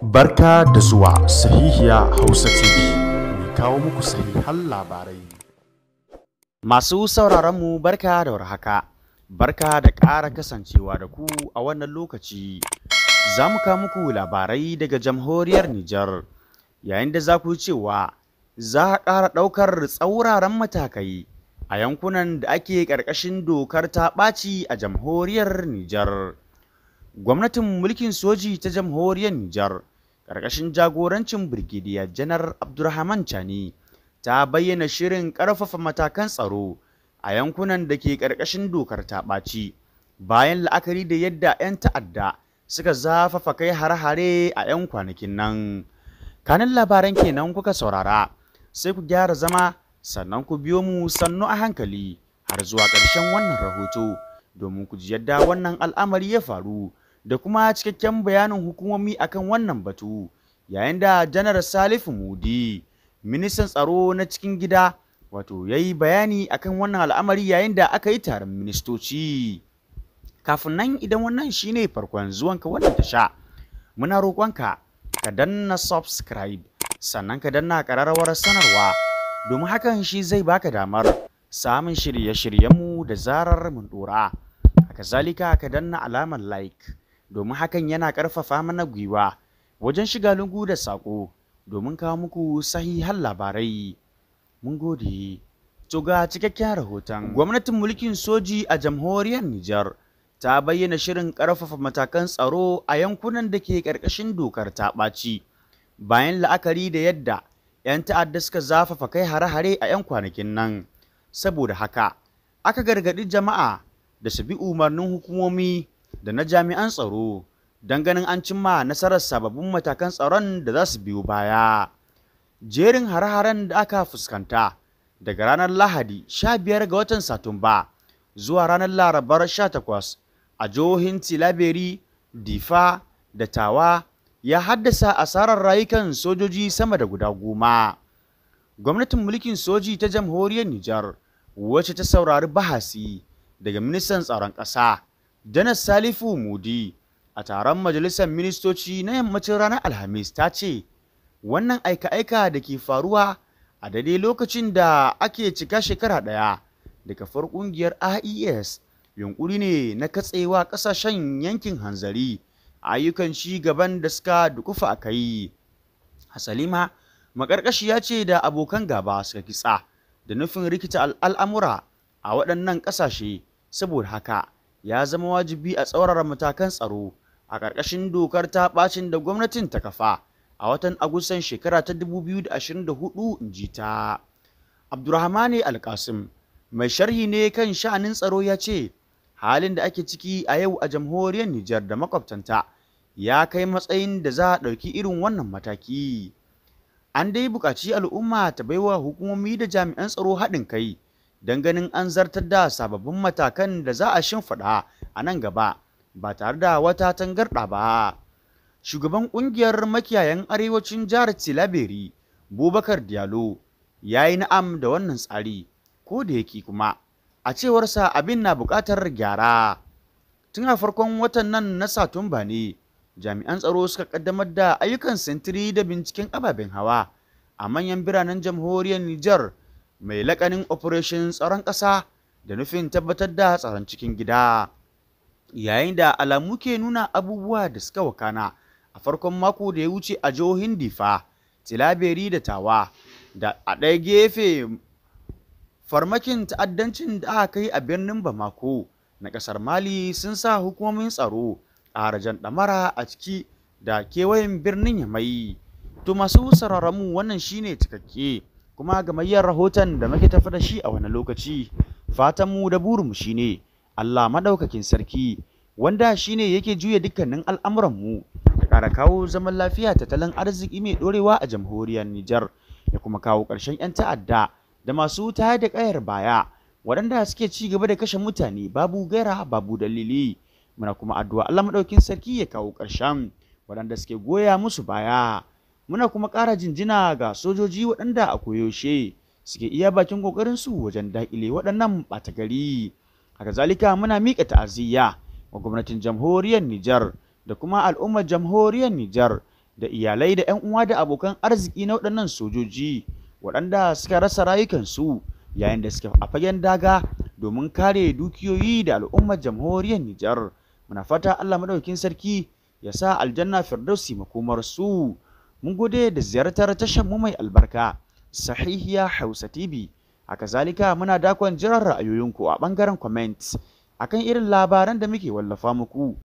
Barka da zuwa sahihiya Hausa TV, mai kawo muku sahihan labarai. Masu sauraronmu barka da warhaka, barka da ƙara kasancewa da ku a wannan lokaci. Za mu kawo muku labarai daga jamhuriyar Nijar, yayin da za ku cewa za a ƙara ɗaukar tsauraran matakai a yankunan da ake ƙarƙashin dokar ta ɓaci a jamhuriyar Nijar. Gwamnatin mulkin soji ta jamhuriyar Nijar ƙarƙashin jagorancin Birgidiya Janar Abdurrahman Chani ta bayyana shirin ƙarfafa matakan tsaro a yankunan da ke ƙarƙashin dokar taɓaci, bayan la'akari da yadda 'yan ta'adda suka zafafa kai hare-hare a 'yan kwanakin nan. Kanin labaran kenan kuka saurara sai ku gyara zama sannan ku biyo mu sannu a hankali har zuwa ƙarshen wannan rahoto domin ku ji yadda wannan al'amari ya faru. da kuma cikakken bayanin hukumomi akan wannan batu yayin da janar salifu mudi ministan tsaro na cikin gida wato ya yi bayani akan wannan al'amari yayin da aka yi taron ministoci kafin nan idan wannan shine farkon zuwanka wannan tasha muna roƙonka ka danna subscribe sannan ka danna ƙararrawar sanarwa domin hakan shi zai baka damar samun shirye-shiryenmu da zarar mun ɗora. kazalika ka danna alamar like domin hakan yana ƙarfafa mana gwiwa wajen shiga lungu da saƙo domin kawo muku sahihan labarai. Mun gode. To ga cikakken rahoton. Gwamnatin mulkin soji a jamhuriyar Nijar ta bayyana shirin ƙarfafa matakan tsaro a yankunan da ke ƙarƙashin dokar taɓaci, Bayan la'akari da yadda 'yan ta'adda suka zafafa kai hare-hare a 'yan kwanakin nan. Saboda haka, aka gargaɗi jama'a da su bi umarnin hukumomi da na jami'an tsaro don ganin an cimma nasarar sababbin matakan tsaron da za su biyo baya. Jerin hare-haren da aka fuskanta daga ranar Lahadi 15 ga watan Satumba zuwa ranar Larabar 18 a jihohin Tilaberi, Difa da Tawa ya haddasa asarar rayukan sojoji sama da guda goma. Gwamnatin mulkin soji ta jamhuriyar Nijar wacce ta saurari bahasi daga ministan tsaron ƙasa. Janet Salifu Mudi a taron Majalisar Ministoci na yammacin ranar Alhamis ta ce, Wannan aika-aika da ke faruwa a daidai lokacin da ake cika shekara ɗaya daga kafar ƙungiyar IES yunkuri ne na katsewa ƙasashen yankin hanzari ayyukan ci gaban da suka dukufa a kai. Hasalima maƙarƙashiya ce da abokan gaba suka kitsa da nufin rikita al'amura a waɗannan ƙasashe saboda haka. ya zama wajibi a tsaurara matakan tsaro a ƙarƙashin dokar ta ɓacin da gwamnatin ta kafa a watan Agustan shekara ta 2024 in ji ta. Abdurrahmani Alkasim mai sharhi ne kan sha'anin tsaro ya ce halin da ake ciki a yau a jamhuriyar Nijar da makwabtanta ya kai matsayin da za a ɗauki irin wannan mataki. An dai buƙaci al'umma ta baiwa hukumomi da jami'an tsaro haɗin kai. don ganin an zartar da sababbin matakan da za a shimfiɗa a nan gaba ba tare da wata tangarɗa ba. Shugaban ƙungiyar makiyayan arewacin jihar Tilaberi, Bubakar Diallo, ya yi na'am da wannan tsari, ko da yake kuma, a cewarsa abin na buƙatar gyara. Tun a farkon watan nan na Satumba ne, jami'an tsaro suka ƙaddamar da ayyukan sintiri da binciken ababen hawa a manyan biranen jamhuriyar Nijar mai lakanin operation tsaron ƙasa da nufin tabbatar da tsaron cikin gida yayin da alamu ke nuna abubuwa da suka wakana a farkon mako da ya wuce a jihohin difa tilaberi da tawa da a ɗaya gefe farmakin ta'addancin da aka kai a birnin bamako na ƙasar mali sun sa hukumomin tsaro a ɗamara a ciki da kewayen birnin yamai to masu wannan shine cikakke kuma gamayyar rahoton da muke tafi da shi a wani lokaci fatanmu da burinmu shine Allah maɗaukakin sarki wanda shine yake juya dukkanin al'amuranmu ya ƙara kawo zaman lafiya tattalin arziki mai ɗorewa a jamhuriyar Nijar ya kuma kawo ƙarshen 'yan ta'adda da masu tayar da ƙayar baya waɗanda suke ci gaba da kashe mutane babu gaira babu dalili muna kuma addu'a Allah maɗaukin sarki ya kawo ƙarshen waɗanda suke goya musu baya muna kuma ƙara jinjina ga sojoji waɗanda a koyaushe suke iya bakin ƙoƙarinsu wajen daƙile waɗannan ɓata gari haka zalika muna miƙa ta'aziyya wa gwamnatin jamhuriyar Nijar da kuma al'ummar jamhuriyar Nijar da iyalai da 'yan uwa da abokan arziki na waɗannan sojoji waɗanda suka rasa rayukansu yayin da suke a fagen daga domin kare dukiyoyi da al'ummar jamhuriyar Nijar muna fata Allah maɗaukin sarki ya sa aljanna firdausi makomarsu. su Mun gode da ziyartar tashar mu mai albarka, Sahihiya Hausa TV. a Kazalika muna dakon jiran ra'ayoyinku a ɓangaren comments akan irin labaran da muke wallafa muku.